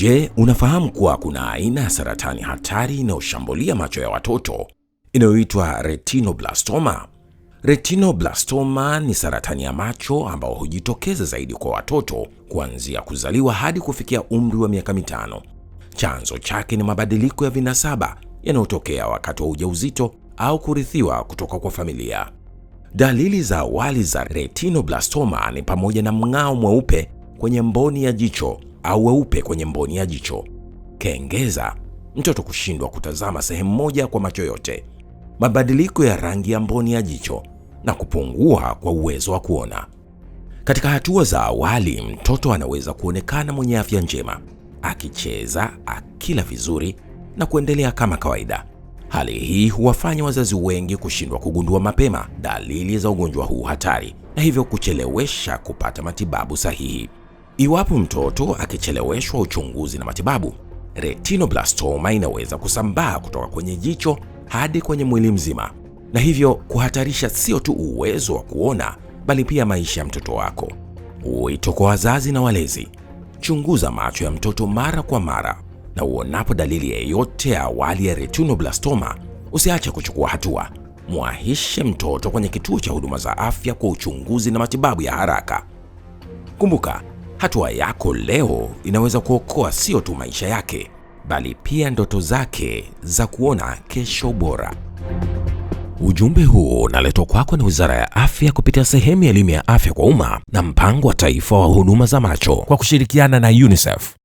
Je, unafahamu kuwa kuna aina ya saratani hatari inayoshambulia macho ya watoto inayoitwa retinoblastoma? Retinoblastoma ni saratani ya macho ambayo hujitokeza zaidi kwa watoto kuanzia kuzaliwa hadi kufikia umri wa miaka mitano. Chanzo chake ni mabadiliko ya vinasaba yanayotokea wakati wa ujauzito au kurithiwa kutoka kwa familia. Dalili za awali za retinoblastoma ni pamoja na mng'ao mweupe kwenye mboni ya jicho, au weupe kwenye mboni ya jicho, kengeza, mtoto kushindwa kutazama sehemu moja kwa macho yote, mabadiliko ya rangi ya mboni ya jicho na kupungua kwa uwezo wa kuona. Katika hatua za awali, mtoto anaweza kuonekana mwenye afya njema, akicheza, akila vizuri na kuendelea kama kawaida. Hali hii huwafanya wazazi wengi kushindwa kugundua mapema dalili za ugonjwa huu hatari na hivyo kuchelewesha kupata matibabu sahihi. Iwapo mtoto akicheleweshwa uchunguzi na matibabu, retinoblastoma inaweza kusambaa kutoka kwenye jicho hadi kwenye mwili mzima, na hivyo kuhatarisha sio tu uwezo wa kuona, bali pia maisha ya mtoto wako. Wito kwa wazazi na walezi: chunguza macho ya mtoto mara kwa mara, na uonapo dalili yeyote ya awali ya retinoblastoma, usiache kuchukua hatua. Mwahishe mtoto kwenye kituo cha huduma za afya kwa uchunguzi na matibabu ya haraka. Kumbuka, Hatua yako leo inaweza kuokoa sio tu maisha yake, bali pia ndoto zake za kuona kesho bora. Ujumbe huu unaletwa kwako na Wizara ya Afya kupitia sehemu ya elimu ya afya kwa umma na mpango wa taifa wa huduma za macho kwa kushirikiana na UNICEF.